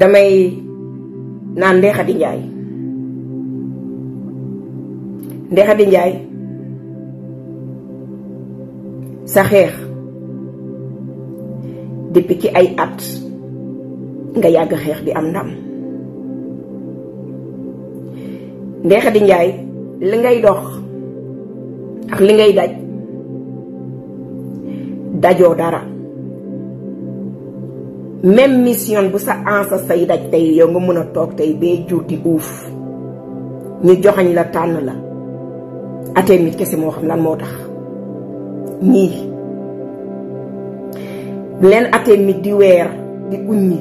damay naan ndeexati njaay ndeexati njaay sa xeex depuis ci ay at nga yàgg xeex bi am ndam ndeexati njaay li ngay dox ak li ngay daj dajoo dara même mission bu sa ansa say daj tey yow nga mën a toog tey bee jur di uuf ñu joxañ la tànn la atee nit kese moo xam lan moo tax nii leen atee di weer di uññi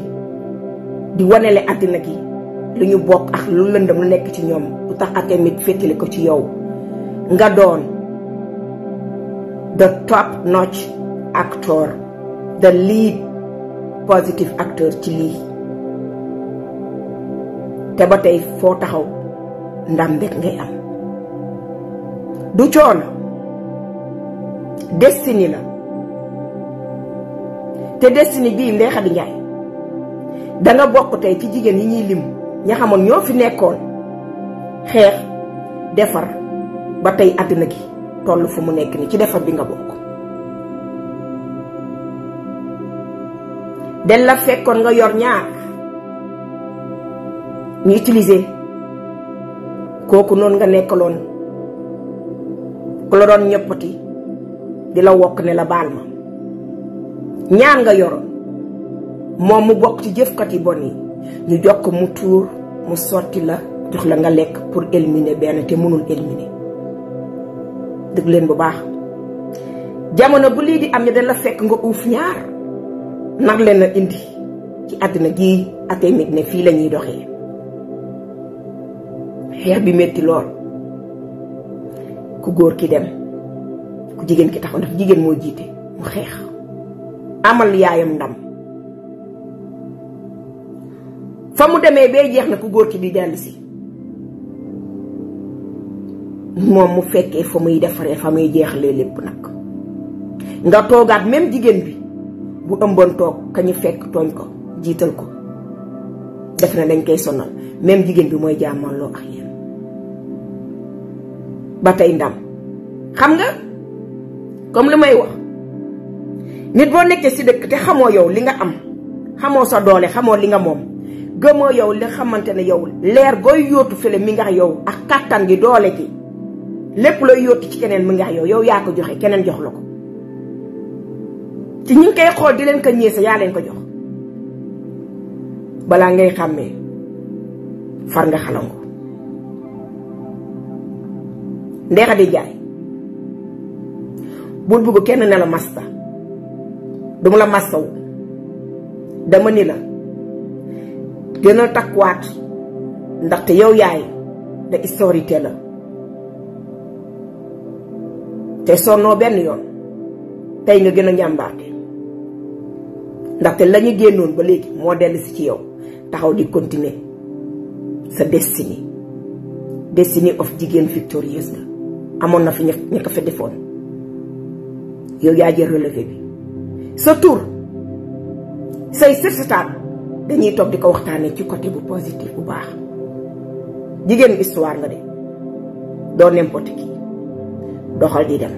di wanele àddina gi lu ñu bokk ak lu lëndam lu nekk ci ñoom lu tax atee nit ko ci yow nga doon the top notch actor the lead positive acteur ci lii te ba tey foo taxaw ndam rek ngay am du coono destiny la te destiny bii Ndeye Khady Ndiaye danga bokk tey ci jigéen yi ñuy lim ña xamoon ñoo fi nekkoon xeex defar ba tey àddina gi toll fu mu nekk ni ci defar bi nga bokk den la fekkoon nga yor ñaar ñu utiliser kooku noonu nga nekkaloon ku la doon ñëppati di la wokk ne la baal ma ñaar nga yor moom mu bokk ci jëfkati bon yi ñu ko mu tuur mu sotti la jox la nga lekk pour éliminer benn te mënul éliminer dëgg leen bu baax jamono bu lii di am ne dañ la fekk nga uuf ñaar nar leen indi ci àddina gii atee nit ne fii lañuy ñuy doxee xeex bi metti lool ku góor ki dem ku jigéen ki taxaw ndax jigéen moo jiite mu xeex amal yaayam ndam fa mu demee bee jeex na ku góor ki di dellu si moom mu fekkee fa muy defaree fa muy jeexlee lépp nag nga toogaat même jigéen bi bu ëmboon toog kañu fekk tooñ ko jiital ko def na dañ koy sonal même jigéen bi mooy jaamoonloo ak yéen ba tey ndam xam nga comme li may wax nit boo nekkee si dëkk te xamoo yow li nga am xamoo sa doole xamoo li nga moom gëmoo yow li nga xamante ne yow leer gooy yootu fële mi nga yow ak kàttan gi doole ci lépp looy yootu ci keneen mi ngaa yow yow yaa ko joxe keneen jox la ko ci ñu kay koy xool di leen ko ñeese yaa leen ko jox balaa ngay xàmmee far nga xalangu ndeexa di jaay bul bugg kenn ne la masta du mu la mastaw dama ni la gën a takkuwaat ndaxte yow yaay da historité la te sonnoo benn yoon tey nga gën a njàmbaate ndaxte la ñu génnoon ba léegi moo dell si ci yow taxaw di continuer sa destinée destinée of jigéen victorieuse la amoon na fi ña ña defoon yow yaa jël relevé bi sa tur say sërsëtaan dañuy toog di ko waxtaanee ci côté bu positif bu baax jigéen histoire nga de doo n'importe doxal di dem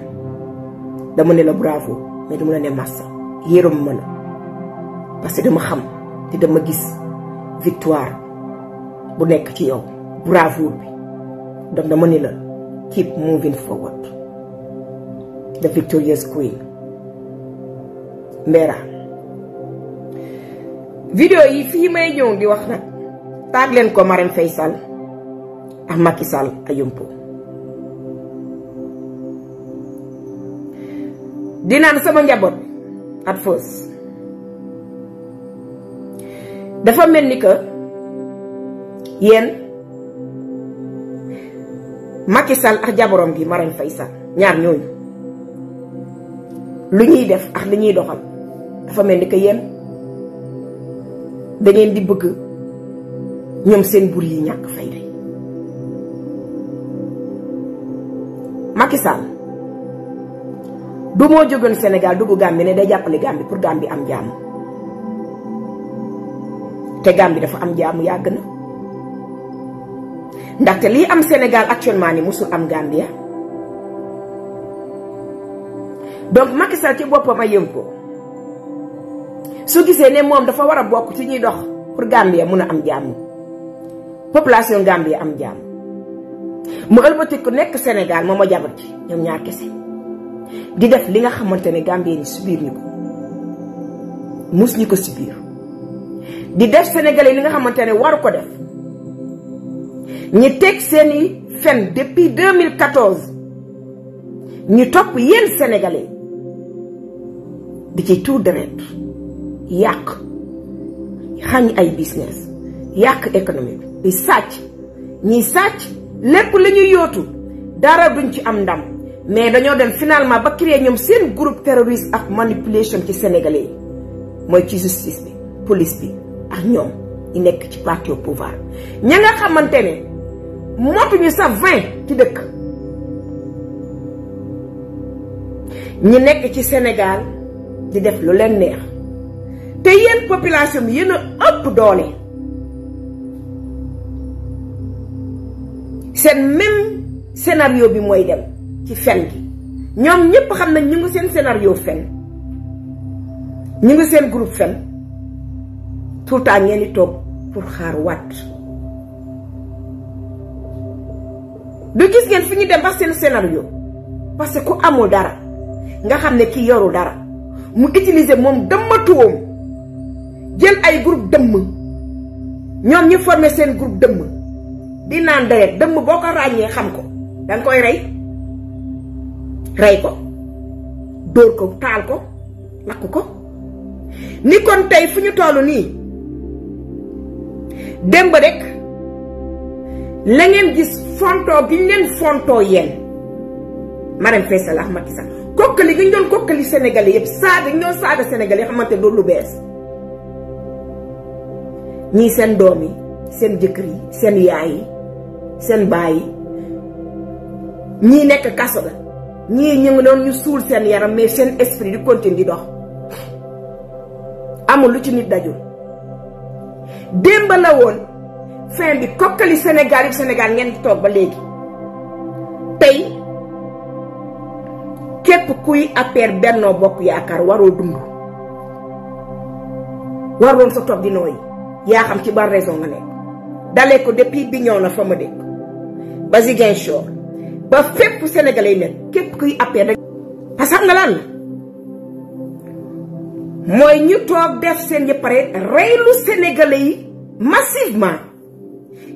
dama ne la bravo mais dama la ne massa yërëm ma la parce que dama xam te dama gis victoire bu nekk ci yow bravoure bi donc dama ni la keep moving forward the victorious queen Mbera vidéo yi fii may ñëw di wax nag taag leen ko Marème Faye Sall ak Macky Sall a yompo di sama njaboot at first dafa mel ni que yéen Macky Sall ak jabaram gi Marème Faye Sall ñaar ñooñu lu ñuy def ak li ñuy doxal dafa mel ni que yenn dangeen di bëgg ñoom seen bur yi ñàkk fay day Macky Sall du moo jógoon Sénégal dugg Gambie ne day jàppale Gambie pour Gambie am jàmm te Gambie dafa am jaamu yàgg na ndaxte lii am Sénégal actuellement ni musul am Gambia donc Macky Sall ci boppam a yëm ko su gisee ne moom dafa war a bokk ci ñuy dox pour Gambia mun a am jàmm population Gambia am jàmm mu ëlbatiku nekk Sénégal moom ma jabar ci ñoom ñaar kese di def li nga xamante ne Gambien yi subir ñu ko mus ñu ko subir di def sénégalais li nga xamante ne waru ko def ñi teg seeni fen depuis 2014 ñu topp yéen sénégalais di ci tout deret yàq xañ ay business yàq économie bi di sàcc ñiy sàcc lépp la ñuy yootu dara duñ ci am ndam mais dañoo dem finalement ba créer ñoom seen groupe terroriste ak manipulation ci sénégalais mooy ci justice bi police bi ak ñoom ñu nekk ci parti au pouvoir ña nga xamante ne motuñu sa vingt ci dëkk ñu nekk ci Sénégal di def lu leen neex te yéen population bi yéen a ëpp doole seen même scénario bi mooy dem ci fen gi ñoom ñëpp xam nañ ñu ngi seen scénario fen ñu ngi seen groupe fen tout le temps ngeen di toog pour xaar waat du gis ngeen fi ñu dem ba seen scénario parce que ku amul dara nga xam ne kii yoru dara mu utiliser moom dëmmatuwoom jël ay groupe dëmm ñoom ñu former seen groupe dëmm di naan deret dëmm boo ko ràññee xam ko danga koy rey rey ko dóor ko taal ko lakk ko ni kon tey fu ñu toll nii démb rek la ngeen gis fontoo gi ñu leen fontoo yéen Marième Faye Sall ak Macky Sall kokkali gi ñu doon kokkali Sénégalais yëpp saaga gi doon saaga Sénégalais xamante doon lu bees ñii seen doom yi seen jëkkër yi seen yaay yi seen baay yi ñii nekk kaso la ñii ñu ngi doon ñu suul seen yaram mais seen esprit di continue di dox amul lu ci nit dajul démb la woon fin bi kokkali Sénégal yi Sénégal ngeen toog ba léegi tey képp kuy affaire Benno Bokk Yaakaar waroo dund waroon sa toog di nooyi yaa xam ci ban raison nga nekk dalee ko depuis bi ñëw na fa ma dëkk ba Ziguinchor ba fépp Sénégalais yi nekk képp kuy affaire rek parce que xam nga lan mooy ñu toog def seen yëpp pare reylu Sénégalais yi massivement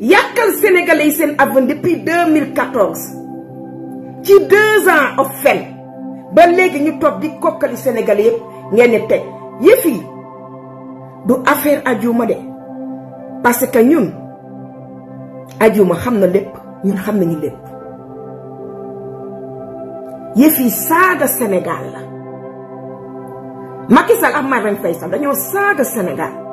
yàqal sénégalais yi seen avenir depuis 2014 ci deux ans ba léegi ñu toog di kokkali sénégalais yëpp ngeen ne teg yëf du affaire ajuma de parce que ñun ajuma xam na lépp ñun xam nañu lépp yëf saaga Sénégal la Macky Sall ak Marème dañoo saaga senegal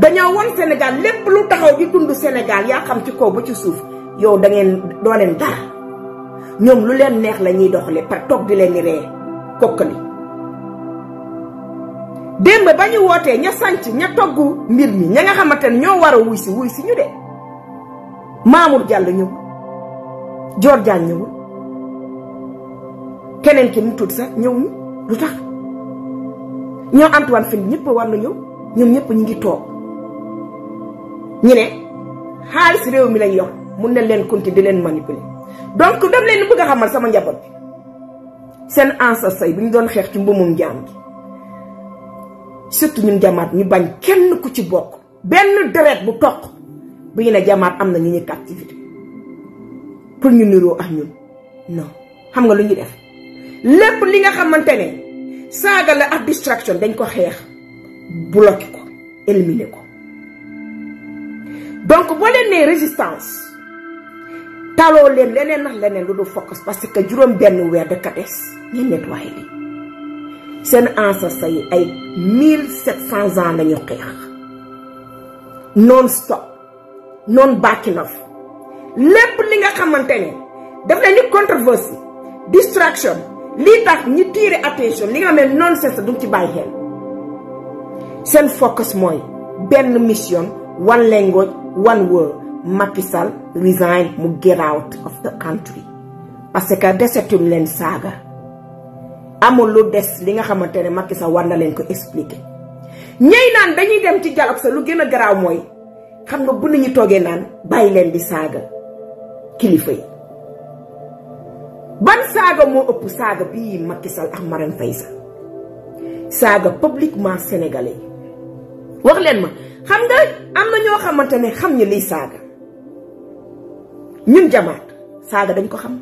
dañoo won Sénégal lépp lu taxaw di dund Sénégal yaa xam ci kow ba ci suuf yow da ngeen doo leen dara ñoom lu leen neex la ñuy doxalee par toog di leen di ree kokkali démb ba ñu wootee ña sanc ña togg mbir mi ña nga xamante ne ñoo war a wuy si wuy si ñu de Mamour Diallo ñëwul Dior Diagne ñëwul keneen ki mu tudd sax ñëwuñu lu tax ñoo Antoine Fine ñëpp war na ñëw ñoom ñëpp ñu ngi toog ñu ne xaalis réew mi lañ yor mun na leen compter di leen manipuler donc dam leen bëgg a xamal sama njaboot bi seen ancêtres yi bu ñu doon xeex ci mbumum jaam gi surtout ñun jamaat ñu bañ kenn ku ci bokk benn deret bu toq bu ñu ne jamaat am na ñu ñu captivité pour ñu niroo ak ñun xam nga lu ñu def lépp li nga xamante ne saaga la ak distraction dañ ko xeex bloqué ko éliminé ko donc boo leen nee résistance taloo leen leneen nax leneen lu dul focus parce que juróom benn weer dëkk des ngeen nettoyé li seen ancêtres yi ay mille sept cent ans la ñu xeex non stop non backing off lépp li nga xamante ne daf leen ni controverse distraction lii tax ñi tiire attention li nga xam ne non cesse duñ ci bàyyi xel seen focus mooy benn mission one language one word Macky Sall resign mu garaaw out of the country parce que desetuñ leen saaga amul lu des li nga xamante ne Macky Sall war na leen ko expliquer ñëy naan dañuy dem ci dialogue sa lu gën a garaaw mooy xam nga bu ñu toogee naan bàyyi leen di saaga kilifa yi ban saaga moo ëpp saaga bii Macky Sall ak Marème Faye Sall saaga publiquement sénégalais wax leen ma xam nga am na ñoo xamante ne xam ñu liy saaga ñun jamaat saaga dañ ko xam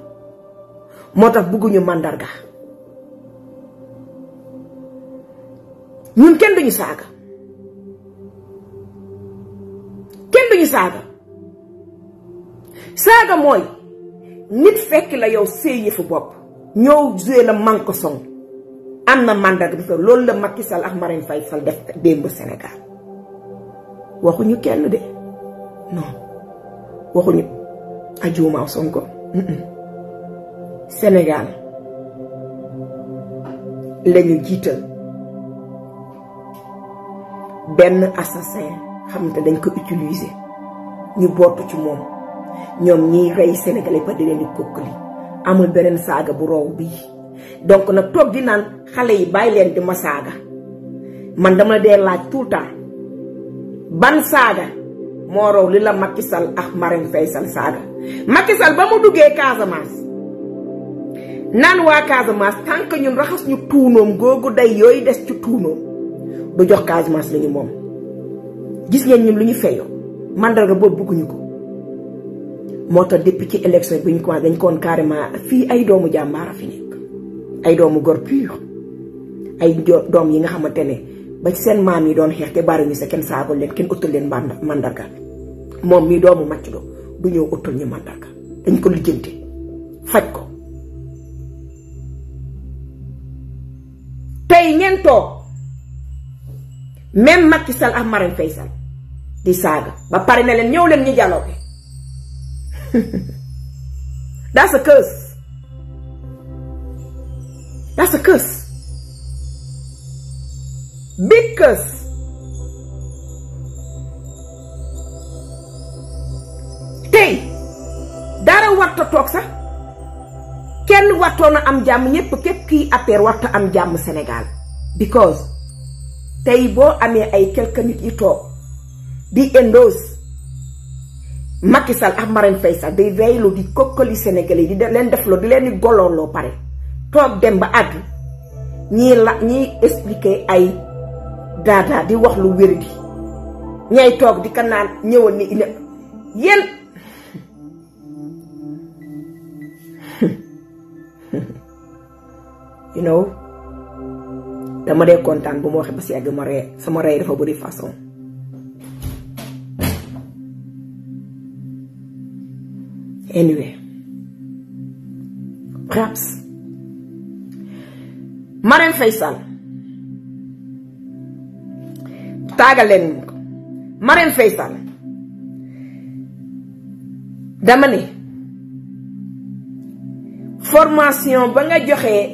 moo tax bëgguñu màndarga ñun kenn duñu saaga kenn duñu saaga saaga mooy nit fekki la yow see bopp ñoo joué la manque son am na màndarga bi loolu la Macky sal ak Marème Faye Sall def démb Sénégal waxuñu kenn de non waxuñu ajuuma Sonko Sénégal lañu jiital benn assassin xam ne dañ ko utiliser ñu bootu ci moom ñoom ñiy rey sénégalais ba di leen di kokkali amul beneen saaga bu roow bii donc nag toog di naan xale yi bàyyi leen di ma saaga man dama la dee laaj tout le temps ban saaga moo raw li la Macky Sall ak Marème Faye Sall saaga Macky Sall ba mu duggee Casamance naan waa Casamance tant ñun raxas ñu tuunoom googu day yooyu des ci tuunoom du jox Casamance lañu moom gis ngeen ñun lu ñu feyoo mandarga boobu bëgguñu ko moo tax depuis ci élection bi ñu ko dañ koon carrément fii ay doomu jàmbaara fi nekk ay doomu gor pur ay doom yi nga xamante ne ba ci seen maam yi doon xeex te bari ñu sa kenn saagul leen kenn utal leen mandarga moom mii doomu màcc do du ñëw utal ñu mandarga dañ ko lijjanti faj ko tey ngeen toog même Macky Sall ak Marème Faye ba pare na leen ñëw leen ñu dialogue that's a curse Big Cuss tey dara warta toog sax kenn wartoon a am jàmm ñépp képp kiy affaire warta am jàmm Sénégal because tey boo amee ay quelque nit yu toog di endose Macky Sall ak Marème Faye Sall reylu di kokkali Sénégalais di leen def loo di leen di loo pare toog dem ba àgg ñii la ñiy expliquer ay daadaa di wax lu wér di ñay toog di ka naan ñëwal ni ina yéen you dama dee kontaan bu ma waxee si yàgg ma ree sama rey dafa bëri façon anyway perhaps Marème Faye Sall taagal leen ñu ko Marème Faye Sall dama ne formation ba nga joxee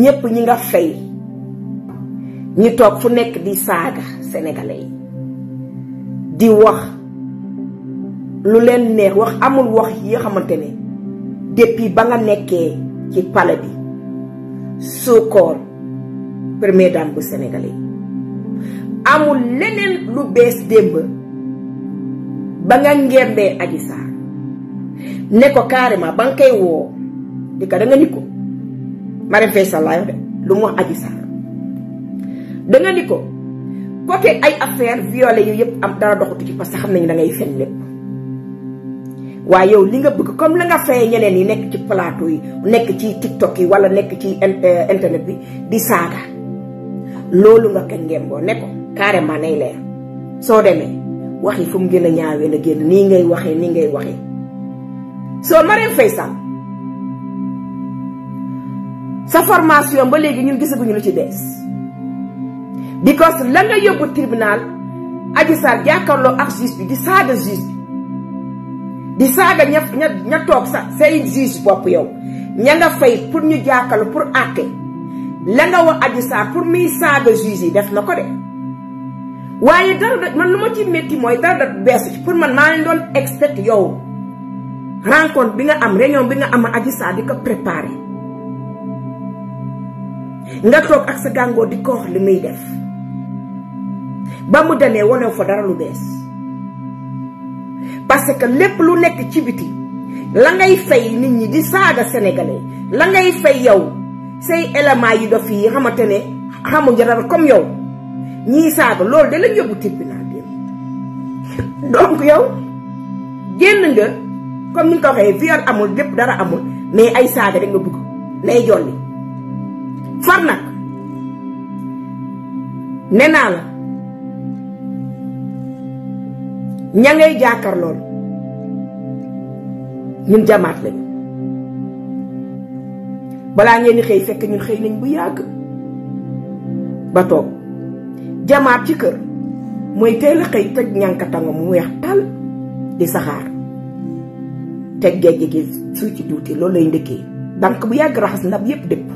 ñépp ñi nga fay ñi toog fu nekk di saaga senegale yi di wax lu leen neex wax amul wax yi xamante ne depuis ba nga nekkee ci palais bi première dame bu sénégalais amul leneen lu bees démb ba nga ngembee Adji ne ko carrément ba nga koy woo di ko da nga ni ko Marième Faye Sall laa wax de lu mu wax Adji Sarr da ni ko côté ay affaire violé yu yëpp am dara doxatu ci parce que xam nañ da ngay lépp waaye yow li nga bëgg comme la nga fay ñeneen yi nekk ci plateau yi nekk ci tiktok yi wala nekk ci euh, internet bi di saaga loolu nga ko ngemboo ne ko carrément nay leer soo demee wax yi fu mu gën a ñaawee na génn nii ngay waxee nii ngay waxee soo Marème Faye Sall sa formation ba léegi ñun gisaguñu lu ci bees because la nga yóbbu tribunal Adji Sarr jàkkaarloo ak juge bi di saaga juge bi di saaga ña ña ña toog sax say juge bopp yow ña nga fay pour ñu jàkkaarloo pour àtte la nga wax Adji Sarr pour muy saaga juge yi def na ko de waaye dara man lu ma ci métti mooy dara du bees ci pour man maa leen doon expect yow rencontre bi nga am réunion bi nga am Adji Sarr di ko préparé nga toog ak sa gàngoo di ko wax li muy def ba mu demee wane fa dara lu bees parce que lépp lu nekk ci biti la ngay fay nit ñi di saaga sénégalais la ngay fay yow say éléments yi dof yi xamante ne xamuñu dara comme yow. ñii saaga loolu da lañ yóbbu tribunal bi donc yow génn nga comme ni nga ko waxee viol amul lépp dara amul mais ay saaga da nga bëgg lay jolli far nag nee naa la ña ngay jàkkaar lool ñun jamaat lañu balaa ngeen di xëy fekk ñun xëy nañ bu yàgg ba toog jamaat ci kër mooy teel a xëy tëj ñànkatanga mu weex tal di saxaar teg gejj gi su ci tuuti loolu lay ndëkkee dank bu yàgg raxas ndab yépp dëpp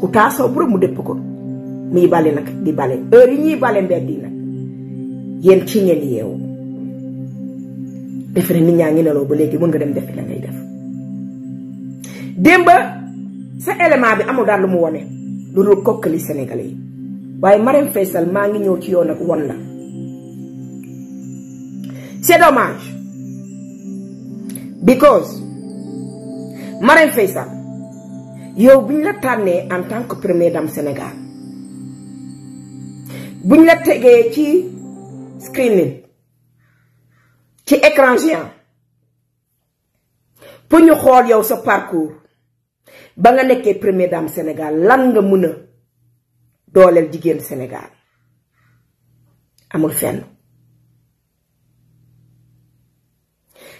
ku taasoo bu mu dëpp ko muy bale nag di bale heure yi ñuy bale mbedd yi nag yéen ci ngeen yeewu defe nit ñaa ngi neloo ba léegi mën nga dem def la ngay def démba sa élément bi amul daal lu mu wone lu dul kokkali Sénégalais yi waaye Marème Faye maa ngi ñëw ci yoon ak won la c'est dommage because Marème Faye yow bu ñu la tànnee en tant que première dame Sénégal bu ñu la tegee ci screening ci écran géant pour ñu xool yow sa parcours ba nga nekkee première dame Sénégal lan nga mën dooleel jigéen senegaal amul fenn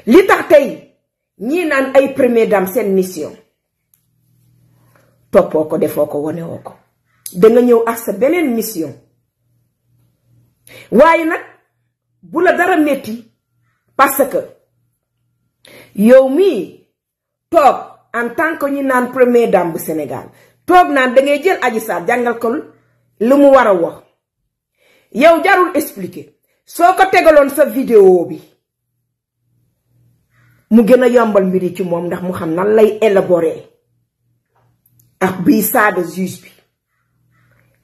li tax tey ñii naan ay premier dame seen mission toppoo ko defoo ko wonewoo ko danga ñëw ak sa beneen mission waaye nag bu la dara metti parce que yow mii toog en tant que ñi naan premier dame bu Sénégal toog naan dangay jël Adji Sarr jàngal ko li mu war a wax yow jarul expliquer soo ko tegaloon sa vidéo bi mu gën a yombal mbiri ci moom ndax mu xam nan lay élaborer ak bii saaga juge bi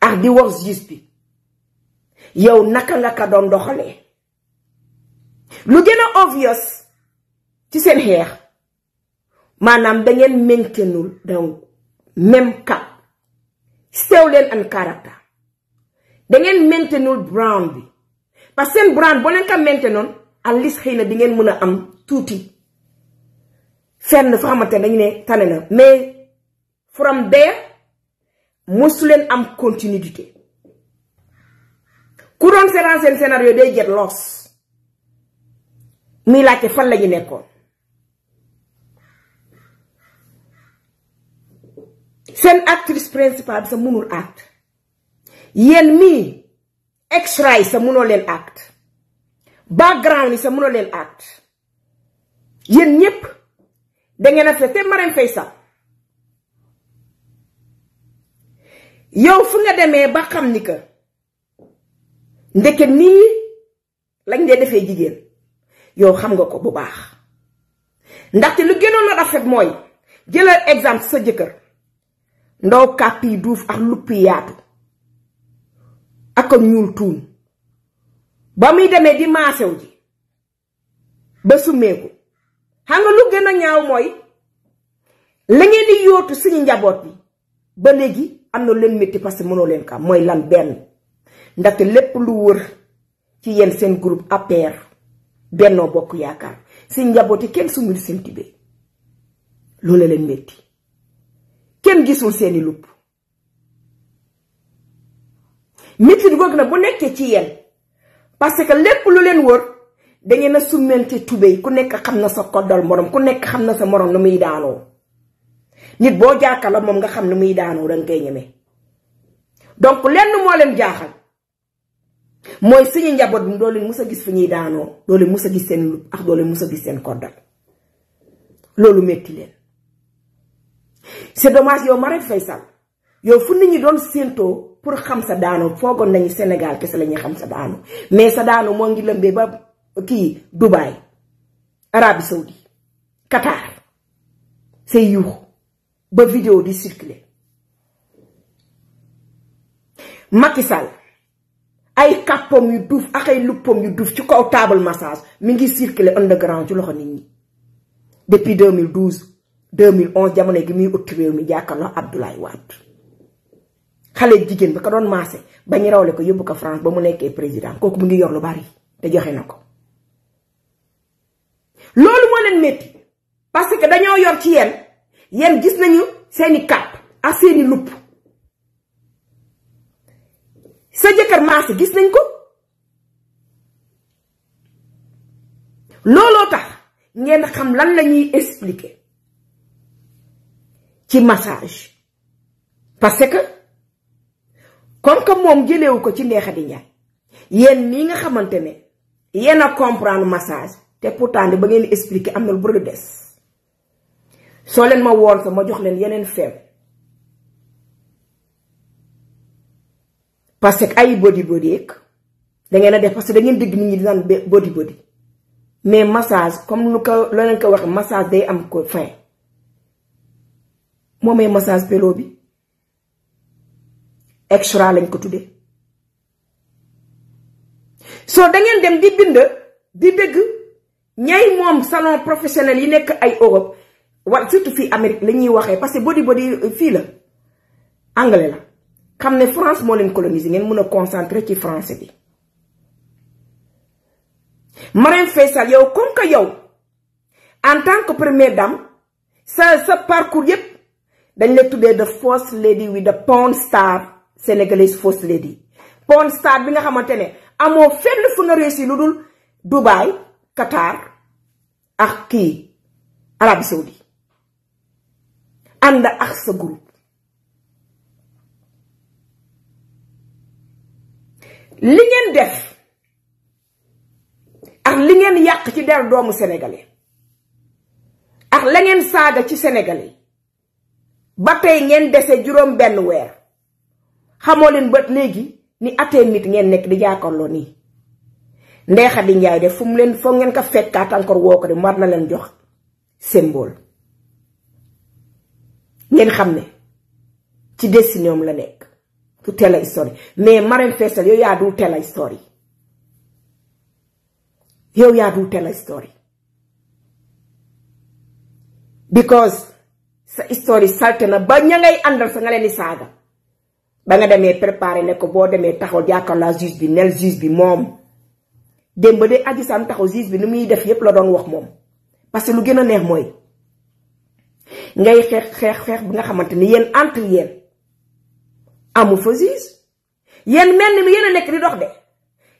ak di wax juge bi yow naka nga ka doon doxalee lu gën a obvious ci seen xeex maanaam da ngeen maintenul donc cap sew leen an da ngeen maintenul brand bi parce que seen brand boo leen ko maintenoon à least xëy na bi ngeen mën a am tuuti fenn fa xamante dañu ne tane na mais from there mosu leen am continuité ku doon seetaan seen scénario day get lost muy laajte fan la nekkoon seen actrice principale bi sa mënul acte yéen mii extra yi sa mënoo leen acte background yi sa mënoo leen acte yéen ñépp da ngeen a fete Marème Faye Sall yow fu nga demee ba xam ni que ndeke nii lañ dee defee jigéen yow xam nga ko bu baax ndaxte lu gënoon a rafet mooy jëlal exemple sa jëkkër ndaw kàpp yi duuf ak lupp yaatu. ak ñuul tuun ba muy demee di maasew ji ba summeeku xam nga lu gën a ñaaw mooy la ngeen di yóotu suñu njaboot bi ba léegi am na leen métti parce que mënoo leen kam mooy lan benn ndaxte lépp lu wër ci yenn seen groupe APR Bennoo Bokk Yaakaar suñu njaboot yi kenn sumul seen tibee loolu leen métti kenn gisul seeni lupp métit googu na bu nekkee ci yéen parce que lépp lu leen wër dangeen a summente tubéy ku nekk xam na sa koddal morom ku nekk xam na sa morom nu muy daanoo nit boo jàkkaarloo moom nga xam nu muy daanoo danga koy ñeme donc lenn moo leen jaaxal mooy suñu njaboot bi doo leen mus a gis fu ñuy daanoo doo leen mus a gis seen lu ak doo leen mus a gis seen koddal loolu metti leen c'est dommage yow Marème Faye Sall yow fu nit ñi doon séentoo pour xam sa daanu foogoon nañu Sénégal kese la ñuy xam sa daanu mais sa daanu moo ngi lëmbee ba kii Dubaï Arabie Saoudi Qatar say yuux ba vidéo di circuler Macky Sall ay kàppam yu duuf ak ay luppam yu duuf ci kaw table massage mi ngi circuler underground ci loxo nit ñi depuis 2012 2011 jamono gi muy ut réew mi jàkkaarloo Abdoulaye Wade xale jigéen ba ko doon maase ba ñu rawle ko yóbbu ko France ba mu nekkee président kooku mu ngi yor lu bari te joxe na ko. loolu moo leen métti parce que dañoo yor ci yéen yéen gis nañu seeni kàpp ak seeni lupp sa jëkkër maase gis nañ ko. looloo tax ngeen xam lan la ñuy expliquer ci massage parce que. kon que moom jëlewu ko ci Ndexadi Njaay yéen mii nga xamante ne yéen a comprendre massage te pourtant ba ngeen expliquer am na lu bëri des soo leen ma woon sa ma jox leen yeneen feem parce que ay body body yeeg da ngeen a def parce que da ngeen dégg nit ñi di naan body body mais massage comme lu ko loo leen ko waxee massage day am ko fin moomay massage pelo bi. extra lañ ko tuddee soo da dem di bind di dëgg ñay moom salon professionnel yi nekk ay Europe wal surtout fii Amérique la ñuy waxee parce que body body fii la anglais la xam ne France moo leen coloniser ngeen mën a concentrer ci français bi. Marème Faye yow comme que yow en tant que première dame sa sa parcours yépp dañ la tuddee the first lady with the porn star. sénégalaise first lady porn star bi nga xamante ne amoo fenn fu nga réussi lu dul Dubai Qatar ak kii Arabie Saoudi ànd ak sa groupe li ngeen def ak li ngeen yàq ci der doomu sénégalais ak la ngeen saaga ci sénégalais ba tey ngeen dese juróom benn weer xamoo leen ba léegi ni atee nit ngeen nekk di jàkkaarloo nii Ndeye Khady Ndiaye def fu mu leen foo ngeen ko fekkaat encore woo ko de war na leen jox seen mbool ngeen xam ne ci destinée am la nekk du tell a histoire mais Marème Faye Sall yow yaa dul tell a histoire yow yaa dul tell a histoire because sa histoire salte na ba ña ngay àndal sa nga leen di saaga. ba nga demee préparé ne ko boo demee taxaw jàkkaarloo juge bi nel juge bi moom démb de Adji Sarr taxaw juge bi ni muy def yëpp la doon wax moom parce que lu gën a neex mooy ngay xeex xeex xeex bi nga xamante ni yéen entre yéen amul fa juge yéen mel ni yéen a nekk di dox de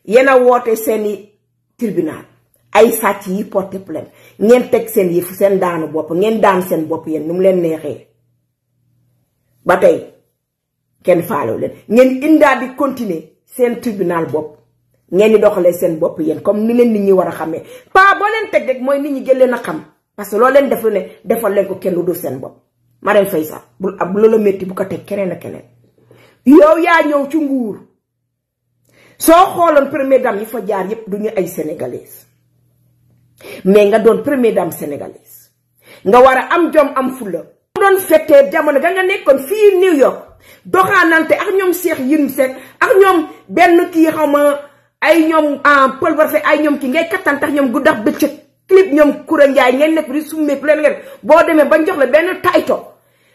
yéen a woote seeni tribunal ay sàcc yi porté plainte ngeen teg seen yëf seen daanu bopp ngeen daan seen bopp yéen nu mu leen neexee ba tey. kenn faalewu leen ngeen indaa di continuer seen tribunal bopp ngeen di doxalee seen bopp yéen comme ni leen nit ñi war a xamee pa boo leen teg mooy nit ñi gën leen xam parce que loo leen def ne defal leen ko kenn du dul seen bopp Marème Faye Sall bul ab loola métti bu ko teg keneen ak keneen yow yaa ñëw ci nguur soo xooloon premier dame yi fa jaar yépp du ñu ay sénégalaises mais nga doon premier dame sénégalaise nga war a am jom am fulla doon fettee jamono da nga nekkoon fii New York doxaanante ak ñoom Cheikh Yérim Seck ak ñoom benn kii xaw ma ay ñoom ah, Paul Barclay ay ñoom ki ngay kattan tax ñoom guddax bëccëg clip ñoom Koura Ndiaye ngeen nekk di summeeku leen nga boo demee bañ jox la benn title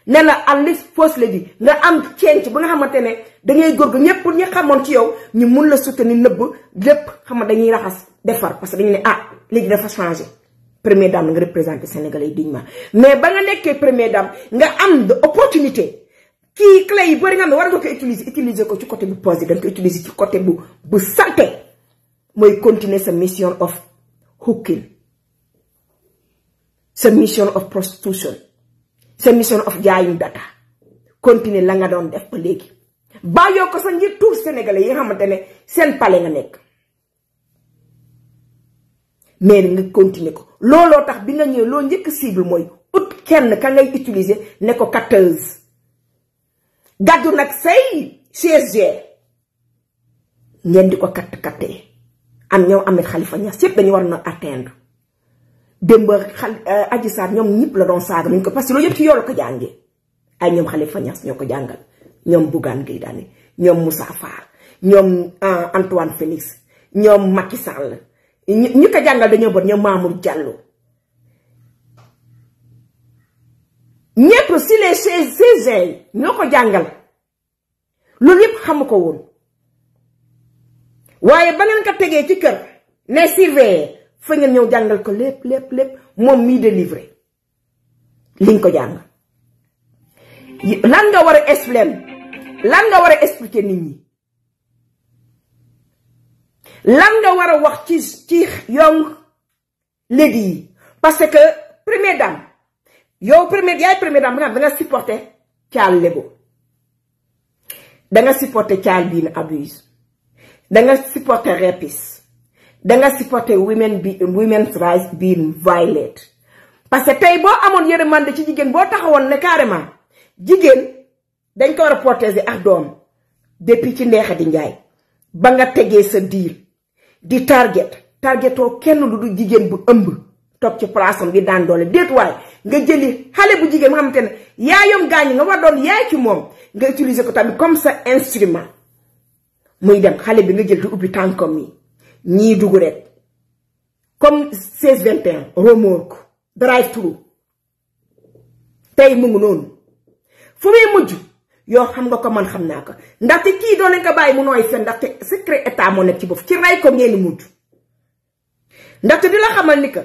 ne la at least post la nga am change ba nga xamante ne dangay góorgu ñëpp ñi xamoon ci yow ñu mun la soutenir nëbb lépp xam nga dañuy raxas defar parce que dañu ne ah léegi dafa changé. première dame nga représenté Sénégalais yi dignement mais ba nga nekkee première dama nga am de opportunité kii clé yi bëri nga xam ne war nga ko utiliser utiliser ko ci côté bu posé da nga ko utiliser ci côté bu bu santé mooy continuer sa mission of hooking sa mission of prostitution sa mission of jaayum data continuer la nga doon def ba léegi bàyyoo ko sa ngir tuur sénégalais yi nga xamante ne seen pale nga nekk mais nga continuer ko looloo tax bi nga ñëwee loo njëkk cible mooy ut kenn ka ngay utiliser ne ko 14 gàddu nag say CSG ngeen di ko katt kattee am ñoom Ahmed Khalifa Niass yëpp dañu war na atteindre démb xal euh, Adji Sarr ñoom ñëpp la doon saaga nañ ko parce que loolu yëpp ci yoolu ko jàngee ay ñoom Khalifa Niass ñoo ko jàngal ñoom Bougane Gueye Dany ñoom Moussa Fall ñoom euh, Antoine Félix ñoom Macky Sall ñi ko jàngal dañoo bon ñoom Mamour Diallo ñëpp si les seize ñoo ko jàngal loolu yëpp xamu ko woon waaye ba ngeen ko tegee ci kër ne surveiller fa ngeen ñëw jàngal ko lépp lépp moom mii délivré liñ ko jàng lan nga war lan nga war a expliquer nit ñi. lan nga war a wax ci ci young lady yi parce que première dame yow première yaay première dame bi nga xam da nga supporter caal lebo da nga supporter caal bii na abuse da nga supporter rapiste da nga supporter women bi women's rights being violate parce que tey boo amoon yërmande ci jigéen boo taxawoon ne carrément jigéen dañ ko war a protéger ak doom depuis ci ndeexa di njaay ba nga tegee sa diil di target targetoo kenn du du jigéen bu ëmb toog ci place am bi daan doole déet waaye nga jëli xale bu jigéen nga xamante ne yaayam gaañu nga war doon yaay ci moom nga utiliser ko tamit comme sa instrument muy dem xale bi nga jël di ubbi tànkam yi ñii dugg rek comme 16 21 remorque drive through tey mu noonu fu muy mujj. yoo xam nga ko man xam naa ko ndaxte kii doo leen ko bàyyi mu nooy fen ndaxte secret état moo nekk ci bopp ci rey ko ngeen mujj ndaxte di la xamal ni que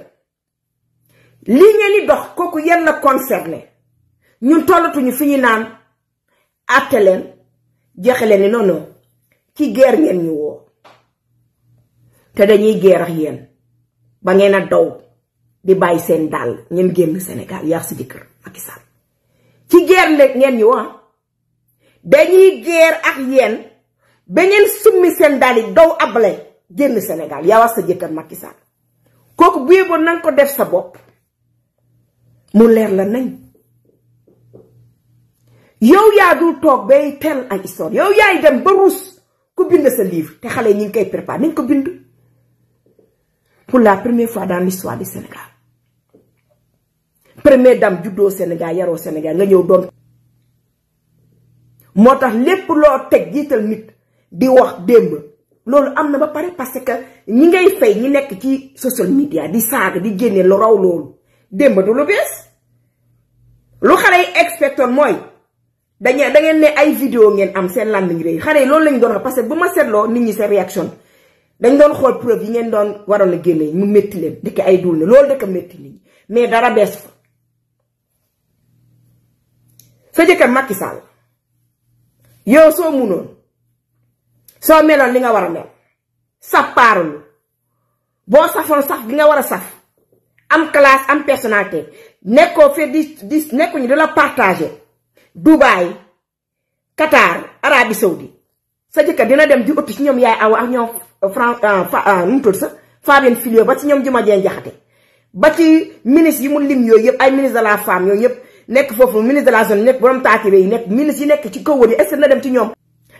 lii ngeen dox kooku yéen la concerné ñun tollatuñu fi ñu naan àtte leen joxe leen ni non ci guerre ngeen ñu woo te dañuy guerre ak yéen ba ngeen a daw di bàyyi seen dàll ngeen génn Sénégal yaa si jëkkër Macky Sall ci guerre ngeen ñu woo dañuy geer ak yéen ba summi seen daal yi daw abale génn Sénégal yaa sa jëkkër Macky Sall kooku bu yeboon na ko def sa bopp mu leer la nañ yow yaa dul toog bay teel ay histoire yow yaay dem ba ruus ku bind sa livre te xale yi ñu ngi koy préparé nañ ko bind pour la première fois dans l'histoire du Sénégal première dame juddoo Sénégal yaroo Sénégal nga ñëw doon moo tax lépp loo teg jiital nit di wax démb loolu am na ba pare parce que ñi ngay fay ñi nekk ci social media di saaga di génne lu raw loolu démb du lu bees lu xale yi expectoon mooy dañu da ngeen ne ay vidéo ngeen am seen làmmiñ rëy xale yi loolu lañ doon wax parce que bu ma seetloo nit ñi seen réaction dañ doon xool preuve yi ngeen doon waroon a génne mu métti leen dikk ay dul ne loolu dëkk métti nit ñi mais dara bees fa sa jëkkër Macky yow soo munoon soo meloon li nga war a mel saf paarulu boo safoon saf bi nga war a saf am classe am personnalité nekkoo fee di di nekkuñu di la partagé Dubaï Qatar Arabie Saoudi sa jëkkër dina dem di ëpp ci ñoom yaay aw ak ñoom euh, Fran euh, euh, nu mu tudd sa Fabien Filio ba ci ñoom Juma Jeen Jaxate ba ci ministre yi mu lim yooyu yëpp ay ministre de la fem yooyu yëpp nekk foofu ministre de la zone nekk borom taatibe yi nekk ministre yi nekk ci kawar yi est na dem ci ñoom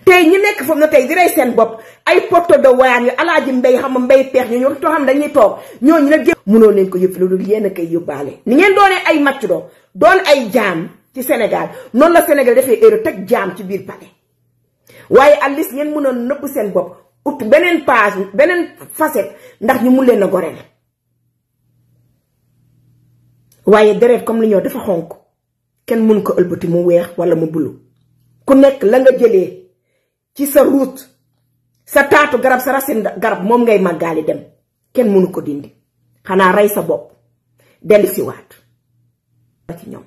tey ñi nekk foofu na tey di rey seen bopp ay poto de wayaan yu alaaji mbay xam nga mbay peex ñu ñoo xam dañuy toog ñooñu nag mënoon nañ lu dul yéen a koy yóbbaale ni doonee ay màcc doo ay jaam ci Sénégal noonu la Sénégal dafay erreur teg jaam ci biir palais waaye at least ngeen mënoon nëbb seen bopp ut beneen page beneen facette ndax ñu mu leen a goreel waaye deret comme li ñoo dafa xonk kenn mun ko ëlbati mu weex wala mu bulu ku nekk la nga jëlee ci sa ruut sa taatu garab sa racine garab moom ngay màggaali dem kenn mënu ko dindi xanaa rey sa bopp dellu si waat ci ñoom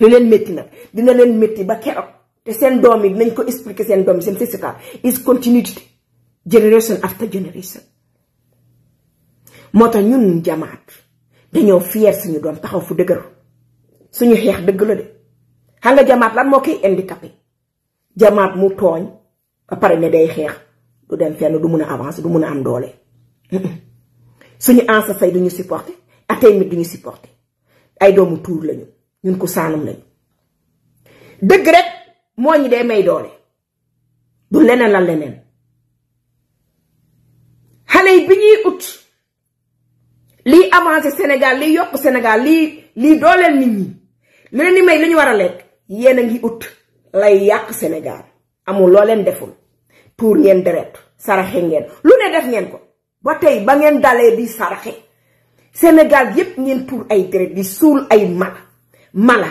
lu leen métti nag dina leen métti ba keroog te seen doom yi dinañ ko expliquer seen doom yi seen sesika is continuity generation after generation moo tax ñun jamaat dañoo fier suñu doom taxaw fu dëgër suñu xeex dëgg la de xam nga jamaat lan moo koy handicapé jamaat mu tooñ ba pare ne day xeex du dem fenn du mun a avancer du mun a am doole suñu ansa say duñu supporter atay mit duñu supporter ay doomu tuur lañu ñun ko saanum lañu dëgg rek moo ñi day may doole du leneen la leneen xale yi bi ñuy ut lii avancé Sénégal lii yokk Sénégal lii lii dooleel nit ñi lu leen di may lu ñu war a lekk yéen a ngi ut lay yàq Sénégal amul loo leen deful tuur ngeen deret saraxe ngeen lu ne def ngeen ko ba tey ba ngeen dalee di saraxe Sénégal yépp ngeen tuur ay deret di suul ay mala mala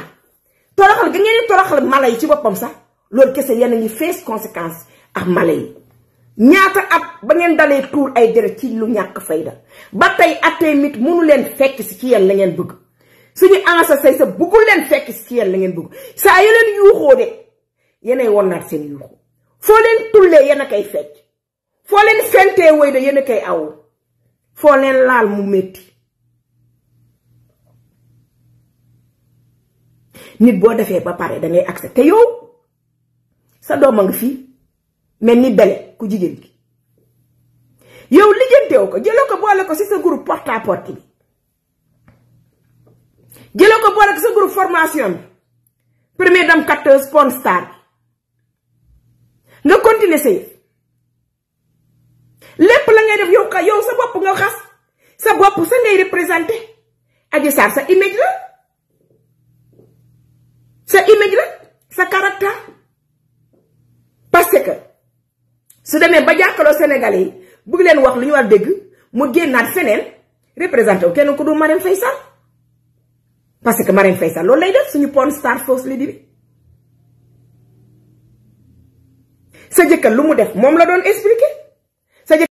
toroxal ga ngeen di toroxal mala yi ci boppam sax loolu kese yéen a ngi fees conséquence ak mala yi ñaata at ba ngeen dalee tuur ay deret ci lu ñàkk fayda ba tey at mit mënu leen fekk ci yéen la ngeen bëgg suñu ancêtres sa bëggul leen fekk ci yéen la ngeen bugg saa yu leen yuuxoo de yéenay wonaat seen yuuxu foo leen tullee yéen a koy fecc foo leen fentee woy de yéen koy aw foo leen laal mu metti nit boo defee ba pare da ngay accepté yow sa doom a nga fii mel ni bele ku jigéen ki yow lijjanteewu ko jëloo ko boole ko ci sa groupe porte à bi. jële ko boole ak sa groupe formation bi dam dame capteuse porn star bi nga continuer sëy lépp la ngay def yow xa yow sa bopp nga xas sa bopp sa ngay représenté Adji Sarr sa image la sa image la sa caractère parce que su demee ba jàkkaloo Sénégalais yi bëgg leen wax lu ñu war dégg mu génnaat feneen représenté wu kenn ku du Marème Faye Sall parce que Marème Faye Sall loolu lay def suñu porn star fausse lady bi sa jëkkër lu mu def moom la doon expliquer